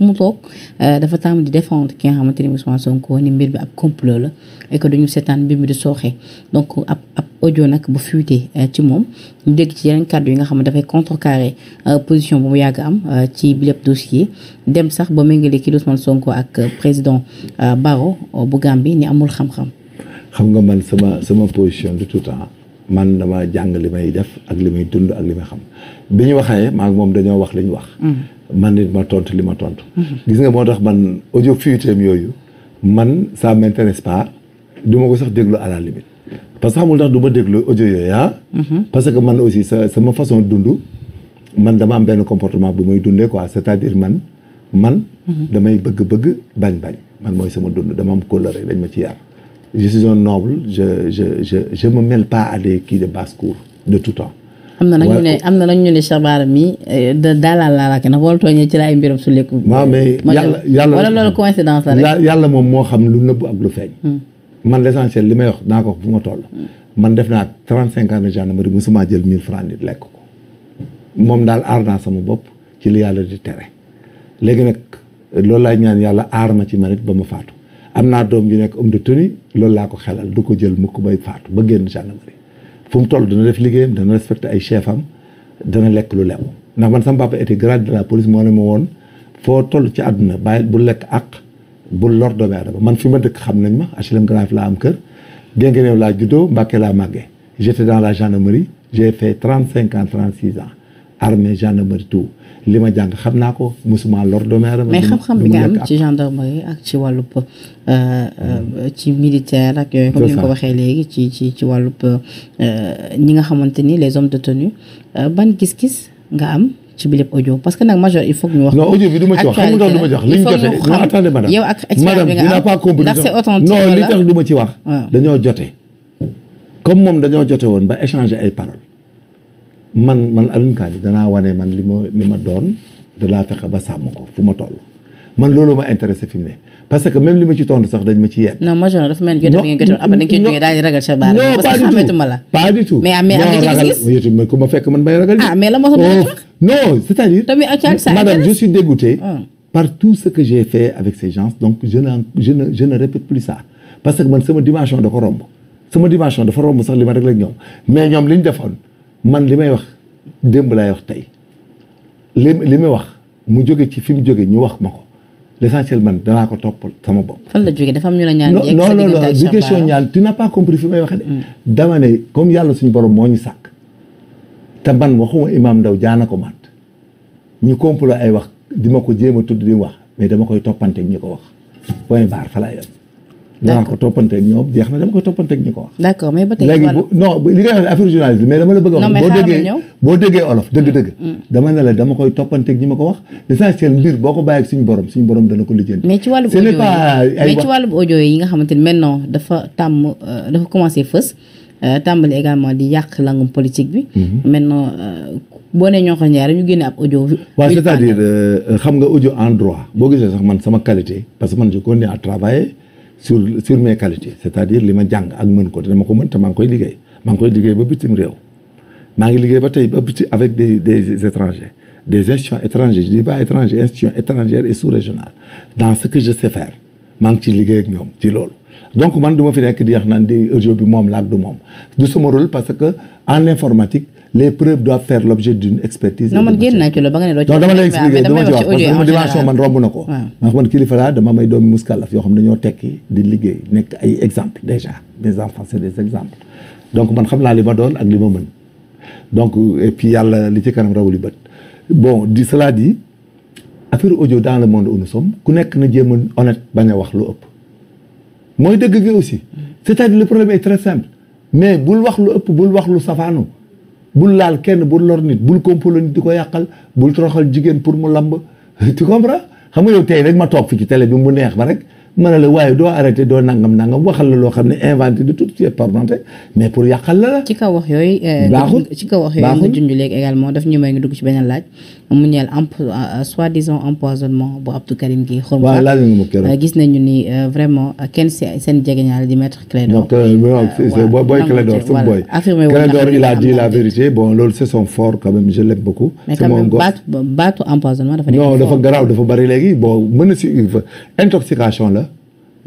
fu mu toog euh, dafa tàmm di défendre ki nga xamante ni Ousmane Sonko ni mbir bi ab complot la et que duñu seetaan mbir mi di sooxe donc ab ab audio nag bu fuité euh, ci moom ñu dégg ci yeneen kàddu yi nga xam ne dafay contrecarrer euh, position bu mu yàgg am ci bi lépp dossier dem sax ba méngale ki Ousmane Sonko ak président Barrow bu Gambie ni amul xam-xam. xam nga man sama sama position de tout temps. man dama jàng li may def ak li may dund ak li may xam bi ñu waxee maak moom dañoo wax li ñu wax. Mm. man nit ma tontu li ma tontu. Mm-hmm. gis nga moo tax man audio fiuteem yooyu man ça m'intéresse pas du ma ko sax déglu à la limite parce que xamul ndax du ma déglu audio yooyu ah. Mm-hmm. parce que man aussi sa sama façon dund man dama am benn comportement bu muy dundee quoi c'est-à-dire man man. Mm-hmm. damay bëgg bëgg bañ bañ man mooy sama dund dama am kóllëre dañ ma ci yar. je suis un noble je je je pas à des kii de basse-cour de tout temps. am na na ñu ne am na nag ñu ne Cheikh Bara mi eh, da daalaal laalaake nag wala tooñee ci laay mbiram su lekk. waaw mais yàlla yàlla wala loolu coïncidence la rek. yàlla moom moo xam lu nëbb ak lu feeñ. Hmm. man l'essentiel li may wax naa ko wax bu ma toll. Hmm. man def naa trente cinq ans de gendarmerie musuma jël mille francs nit lekk ko moom daal aar naa sama bopp ci li yàlla di tere léegi nag loolu laay ñaan yàlla aar ma ci man it ma faatu. am naa doom yu nekk homme de tenue loolu laa ko xelal du ko jël mukk bay faatu ba génn gendarmerie fu mu toll dana def liggéeyam dana respecté ay chef am dana lekk lu lew ndax man sama papa était grade de la police moo ne ma woon foo toll ci àdduna bàyyi bu lekk ak bu lor doomi aadama man fi ma dëkk xam nañ ma HLM Grand laa am kër Guinguinéo laa juddoo Mbacké laa màggee j'étais dans la gendarmerie j'ai fait trente cinq ans trente six ans armée gendarmerie tout li ma jàng xam naa ko musuma lor doomu aadama mais xam-xam bi am ci gendarmerie ak ci wàllub euh, euh, ci militaire ak yooyu comme ni waxee léegi ci ci ci wàllub euh, ñi nga xamante ni les hommes de tenue ban gis-gis nga am ci bi lépp audio parce que nag major il faut que ñu wax. non audio bi du ma nga du ma ci wax li ñu jotee non attendez madame authentique ma ci wax dañoo jote comme moom dañoo jotee woon ba échanger ay paroles man man Alioune Kandji danaa wane man li ma ma doon dalaa fexe ba sàmm ko fu ma toll man loolu ma intéressé fi mu ne parce que même li ma ci tontu sax dañ ma ci yedd. non mooy dafa mel a ngi gëtoon après ma fekk man may ragal. ah mais oh, à dire. madame je suis ah. par tout ce que j'ai fait avec ces donc je ne je ne je ne plus ça parce que man sama dimension dafa romb sama dimension dafa romb sax li ma rek la ñoom mais ñoom li ñu defoon man li may wax démb laay wax tey li li may wax mu jóge ci fi mu jóge ñu wax ma ko l'essentiel man danaa ko toppal sama bopp. fan la jóge dafa am ñu la ñaan. non non non du question ñaan tu n'as pas may waxee de. Mm. dama ne comme yàlla suñu borom moo ñu sàkk. te man waxuma imaam Ndaw jaana ko mat ñu complot ay wax di ma ko jéem a tudd di wax mais dama koy toppante ñu ko wax point barre fa laay yem danaa ko toppanteeg ñoom jeex na dama koy toppanteeg ñi ko wax. d'accord mais ba tey léegi non li nga wax affaire journaliste mais dama mm, mm. dama koy toppanteeg ñi ma ko wax l'essentiel mbir boo ko bàyyi ak suñu borom suñu borom dana ko lijjanti mais ci wàllu audio yi mais ci wàllu dafa tàmm euh, dafa commencé fës euh, tàmbali également di yàq langum politique bi mhm. maintenant euh, boo ne ñoo ko ñaare ñu génne ab audio waaw cest xam nga audio en droit boo gisee sax man sama qualité parce que man je connais a travailler sur sur mes qualités c'est-à-dire li ma jàng ak mën ko te dama ko mën te maa ngi koy liggéey maa ngi koy liggéey ba bitim réew maa ngi liggéey ba tey ba bitim avec des des étrangers des institutions étrangères je dis pas étrangers institutions étrangères et sous-régionales dans ce que je sais faire maa ngi ciy liggéey ak ñoom ci loolu donc man du ma fi nekk di wax naan di audio bi moom laak du moom du sama rôle parce que en informatique les preuves doivent faire l'objet d'une expertise. non man génn naa ci loolu ba nga dama lay expliqué dama dimension man romb na ko. waaw man kilifa dama may doomi muskalaf yoo xam ne dañoo tekki di liggéey nekk ay exemple déjà mes enfants c'est des exemples. donc man xam naa li ma doon ak li ma mën donc et puis yàlla li ci kanam rawu li bët bon di cela dit affaire ojo dans le monde où ku nekk na jéem a honnête bañ a wax lu ëpp. mooy dëgg gi aussi. Mm. c'est-à-dire le problème est très simple mais bul wax lu ëpp bul wax lu safaanu. bul laal kenn bul lor nit bul kompolo nit di ko yàqal bul toroxal jigéen pour mu lamb tu comprends xam nga yow tey rek ma toog fi ci télé bi mu neex ba rek ma ne la waaye doo arrêté doo nangam nangam waxal la loo xam ne inventé de toutes pièces parmentées mais pour yàqal la la. ci kaw wax yooyu. Euh, baaxul ci kaw wax yooyu ma euh, euh, gis nañu ni vraiment kenn seen jegeñaal di maître Clédor. waaw waaw booy Clédor suñu booy. affirmé wu il a dit la vérité bon loolu c'est son fort quand même je l'aime baatu empoisonnement dafa. non dafa bari léegi bon mën na si intoxication la.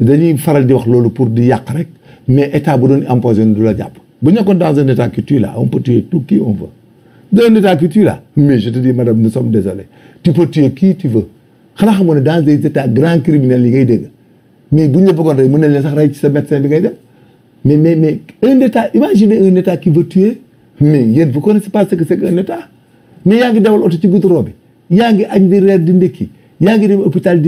dañuy faral di wax loolu pour di yàq rek mais état bu doon imposer du la jàpp bu ñu nekkoon dans un état qui tue là on peut tuer tout qui on veut dans un état qui tue là mais je te dis madame nous sommes désolés tu peux tuer qui tu xanaa xamoon ne dans des états grands criminels yi ngay dégg mais bu ñu la bëggoon rey mën nañ la sax rey ci sa médecin bi ngay def mais mais mais un état imaginez un état qui veut tuer mais yéen vous connaissez pas ce que c'est qu'un état mais yaa ngi dawal oto ci goudron bi yaa ngi añ di reer di ndékki ngi dem hôpital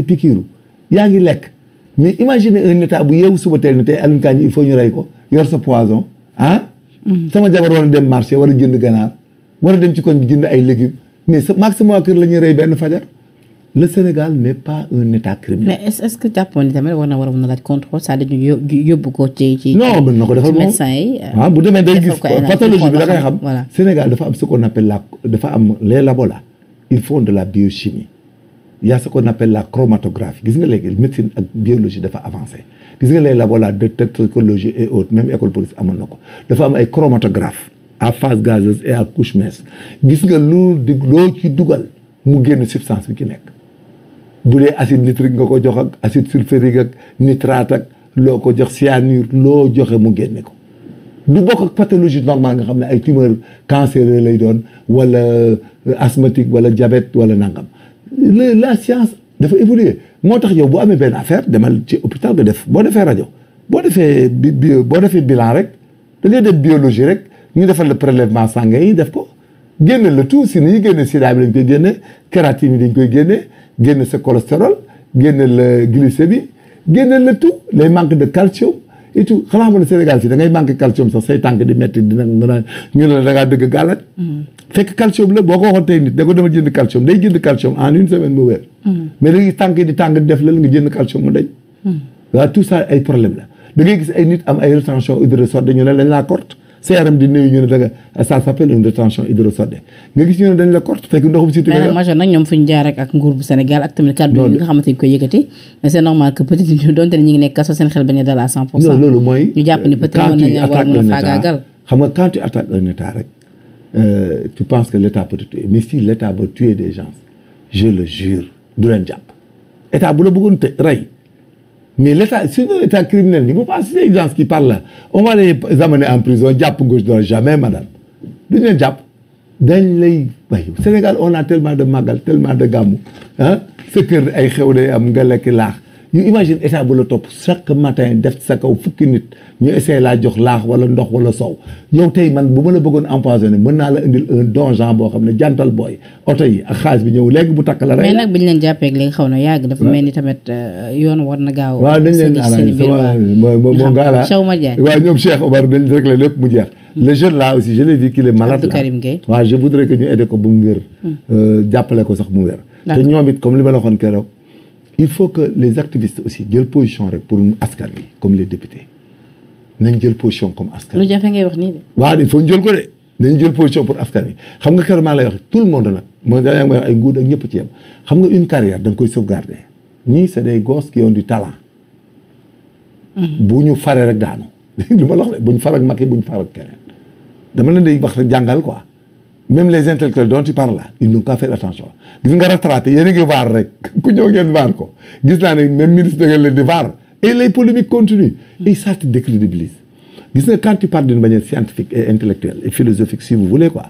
yaa ngi lekk mais imaginez un bu yeewu suba teel ni tey Alioune Kandji il faut ñu rey ko yor sa poison ah mm. sama jabar war a dem marché war a jënd ganaar war a dem ci koñ bi jënd ay légumes mais sa a kër la ñuy rey benn fajar le Sénégal n'est pas un état criminel. mais est ce que jàppoon ni war na waroon na laaj contrôle ko ci ci. non na ko defal moom médecin yi. waaw euh, ah, bu demee day gis pathologie bi da Sénégal dafa am ce qu'on la dafa am les labola ils font de la biochimie. il y a ce qu'on appelle la chromatographie gis nga léegi médecine ak biologie dafa avancé gis nga les labola de toxicologie et autres même école police amoon na ko dafa am ay chromatographe à phase gazeuse et à couche mince gis nga lu di loo ci dugal mu génn substance bi ci nekk bu dee acide nitrique nga ko jox ak acide sulfurique ak nitrate ak loo ko jox cyanure loo joxe mu génne ko du bokk ak pathologie normale nga xam ne ay tumeur cancéreux lay doon wala euh, asthmatique wala diabète wala nangam la la science dafa évoluer moo tax yow bu amee benn affaire demal ci hôpital nga def boo defee rajo boo defee bi boo defee bilan rek da ngay def biologie rek ñu defal la prélèvement sanguin yi def ko génne la tout si ni génne sida bi dañ koy génne kératine yi dañ koy génne génne sa cholestérol génne la glycémie génne la tout les manques de calcium et tout xanaa xam ne si da ngay calcium sax say tànk di metti dina nga naan ñu ne la da dëgg gàllat mm. fekk calcium la boo ko waxoon tey nit da ko dama jënd mm. nga jënd calcium mu dañ waaw mm. tout ça ay problème la da gis ay nit am ay rétention hydrosote dañu ne lañ laa corte seeram di nuyu ñu ne danga ça s'appelle une rétention hydrosodée nga gis ñu dañ la corte fekk ndox si mais nag major nag ñoom fu ñu jaar ak nguur bu Sénégal ak yi nga a dal jàpp ni euh, peut-être mën nañu war xam nga quand tu attaques un rek euh, tu penses que l'état peut te mais si l'état veut tuer des gens je le jure du leen jàpp état bu la bëggoon tëj rey Mais le c'est un État criminel. Il ne faut pas c'est les gens qui parlent là. On va les amener en prison. Diap, gauche, doit jamais, madame. Nous diap. dañ lay Sénégal on a tellement de magal tellement de gàmmu ah sa ay xew day am nga lekk laax ñu imagine état bu la topp chaque matin def sa kaw fukki nit ñu essayé laa jox laax wala ndox wala sow yow tey man bu ma la bëggoon empoisonné mën naa la indil un donjon boo xam ne jantal booy oto yi ak xaalis bi ñëw léegi bu takk la rek mais nag bi ñu leen jàppee xaw na yàgg dafa mel ni tamit euh, yoon na gaaw waaw dañ leen arrangé moom nga ala Sow Madiagne waaw ñoom Cheikh la lépp mu jeex hmm. le jeune là aussi je l'ai dit qu'il est malade là Karim Gueye waaw je voudrais que ñu aidé ko bu mu wér hmm. euh, jàppale ko sax mu wér te ñoom it comme li ma la waxoon keroog il faut que les activistes aussi jël position rek pour askan bi comme les députés nañ jël position comme askan. lu jafe ngay wax nii de. waaw il faut ñu jël ko de nañ jël position pour askan bi xam nga carrément lay wax tout le monde nag mooy da ngay wax ay nguur ak ñëpp ci yem xam nga une carrière da nga koy sauvegarder ñii c'est des gosses qui ont du talent. Mm-hmm. bu ñu faree rek daanu li ma la wax de bu ñu far ak Macky bu ñu far ak keneen dama leen di wax rek jàngal quoi. même les intellectuels dont tu par là ils n'ont qu'à faire attention gis nga retraité yéen a ngi vaar rek ku ñëw ngeen vaar ko gis naa ne même ministre da ngeen leen di vaar et les polémiques continuent et ça te gis nga quand par parles d'une manière scientifique et intellectuelle et philosophique si vous voulez quoi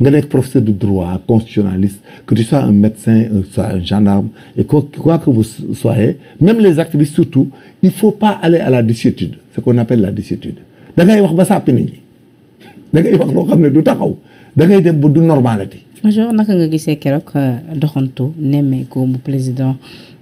nga nekk professeur de droit constitutionnaliste que tu sois un médecin soit un gendarme et quoi, que vous soyez même les activistes surtout il faut pas aller à la désuétude ce la désuétude da ngay wax ba sàppi nit da ngay wax loo xam ne du taxaw da dem ba du normalati. major naka nga gisee keroog euh, doxantu nemmeeku bu président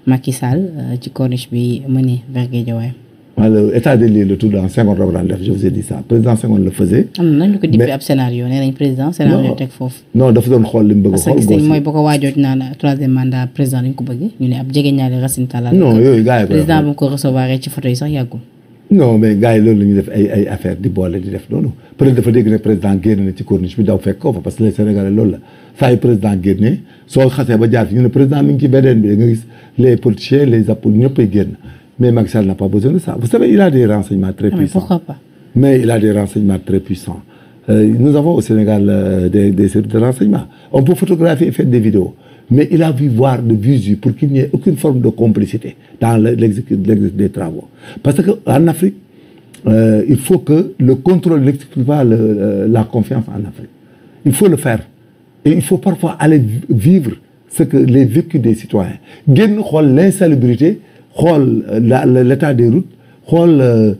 Macky Sall euh, ci corniche bi mënee vers Guédiawaye. waaw état de lieu la tudd ñu ko dippee ab scénario nee nañ président scénario teg foofu. non dafa doon xool mu bëgg a xool. mooy boo ko waajooj naan troisième mandat président dañ ko bëgg ñu ne ab jege ñaari Racine Talla. non yooyu gars yi président bu ko recevoir ci photo yi sax yàggul. non mais gars yi loolu la ñuy def ay affaire di boole di def noonu peut-être dafa dégg ne président génn na ci corniche bi daw fekk ko fa parce que les sénégalais loolu la saa yu président génnee soo xasee ba jaar fi ñu président mi ngi ci beneen bi nga gis les politiciens les apôtres ñëpp ay mais Macky n'a pas besoin de ça vous savez il a des renseignements très ah, puissants mais pourquoi pas mais il a des renseignements euh, nous avons au Sénégal euh, des des services de renseignement on peut photographier et des vidéos mais il a vu voir de visu pour qu'il n'y ait aucune forme de complicité dans l'exécution des travaux. Parce que qu'en Afrique, euh, il faut que le contrôle n'explique pas euh, la confiance en Afrique. Il faut le faire. Et il faut parfois aller vivre ce que les vécus des citoyens. Gen l'insalubrité, euh, l'état des routes, euh,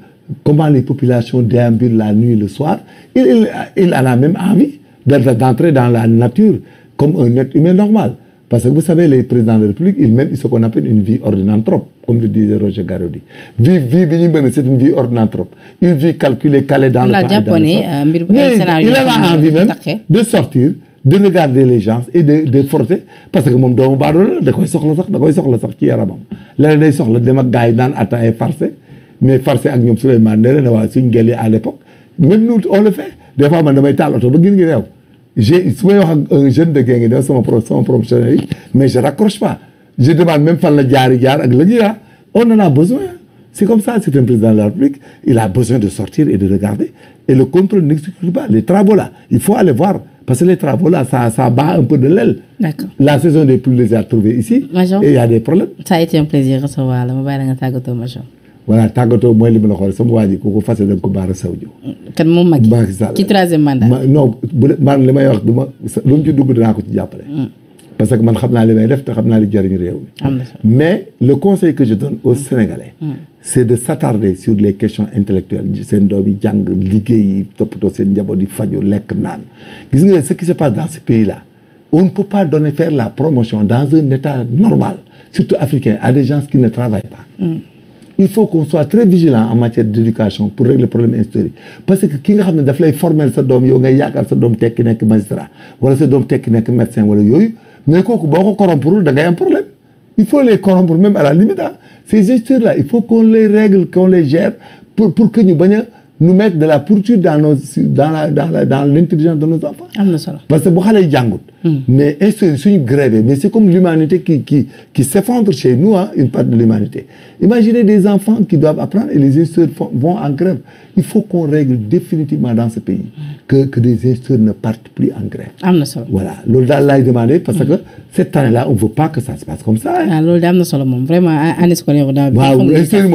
comment les populations déambulent la nuit le soir. Il, il, a la même envie d'entrer dans la nature comme un être humain normal. Parce que vous savez, les présidents de la République, ils mènent ce qu'on appelle une vie ordinantrope, comme le disait Roger Garodi. Vie, vie, c'est une vie ordinantrope. Une vie calculée, calée dans la le dans le euh, Mais euh, de sortir, de regarder les gens et de, de forcer. Parce que mon don barreau, de quoi il sort le sac, de quoi il sort le sac, qui est arabe. Là, il sort le démat gaïdan, attend et farcé. Mais farcé avec nous, Suleiman, à l'époque. Même nous, on le fait. Des fois, on a dit, j'ai su may wax ak jeune de Guinguinéo da sama pro sama professionnel yi mais je raccroche pas je demande même fan la jaari jaar ak la ñuy ah on en la besoin c'est comme ça c'est un président de la République il a besoin de sortir et de regarder et le contrôle n'exclut pas les travaux là il faut aller voir parce que les travaux là la saison des pluies les a trouvés ici. et il y a des problèmes. ça a été un plaisir recevoir la ma bàyyi la nga Major. voilà tàggatoo mooy li ma la xool sama waa ji ku ko fase da nga ko baara kan moom Macky Macky Sall ci troisième mandat. non bu li may wax du ma lu mu ci dugg naa ko ci jàppale. Mm. parce que man xam naa li may def te xam naa li jariñu réew mi. mais le conseil que je donne aux mm. Sénégalais. Mm. c'est de s'attarder sur les questions intellectuelles seen doom yi jàng liggéey yi toppatoo seen njaboot yi faju lekk naan gis nga ce qui se passe dans ce pays là on ne peut pas donner la promotion dans un état normal surtout africain il faut qu'on soit très vigilant en matière d'éducation pour régler problème historique parce que ki nga xam daf lay former sa doom yow ngay yaakaar sa doom tekki nekk magistrat wala sa doom tekki nekk médecin wala yooyu mais kooku boo ko corrompre da ngay am problème il faut les corrompre même à la limite ah ces gesteurs il faut qu'on les règle qu'on les gère pour pour ñu bañ a nous mettre de la pourriture dans l'intelligence de nos enfants. parce que bu xale yi hmm. mais est suñu mais c'est comme l'humanité qui s'effondre chez nous ah part de l'humanité imaginez des enfants qui doivent apprendre et les instituteurs vont en grève il faut qu'on règle définitivement dans ce pays. que que les ne partent plus en grève. am na solo voilà que cette année-là on veut ah, vraiment année scolaire bi. waaw instituteurs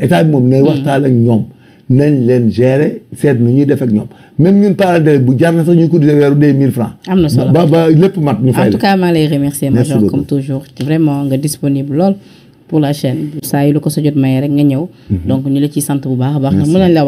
yi moom nañu nañ leen gérer seet na ñuy def ak ñoom même ñun parents d'élèves bu jar na sax ñu ko cotiser weeru day 1000 francs. am na solo ba ba lépp mat ñu fay en tout nga disponible lool. pour la chaîne saa yi lu ko sa jot maye rek nga ñëw. Mhm. donc ñu la ciy sant bu baax a baax. ndax mën nañ la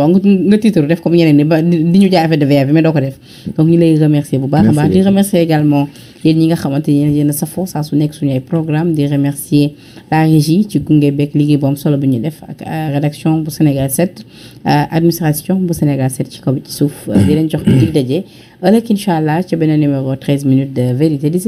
nga titre def comme ñeneen ni ba di ñu jaay affaire de bi mais doo ko def. donc ñu lay remercier bu baax a baax di remercier également. yéen ñi nga xamante ni yéen a safoo saa su nekk suñu ay programme di remercier la régie ci gunge beeg liggéey bu am solo bu ñu def ak euh, rédaction bu Sénégal 7 euh, administration bu Sénégal 7 ci ko ci suuf euh, di leen jox dig daje ëllëg incha allah ci beneen numéro 13 minutes de vérité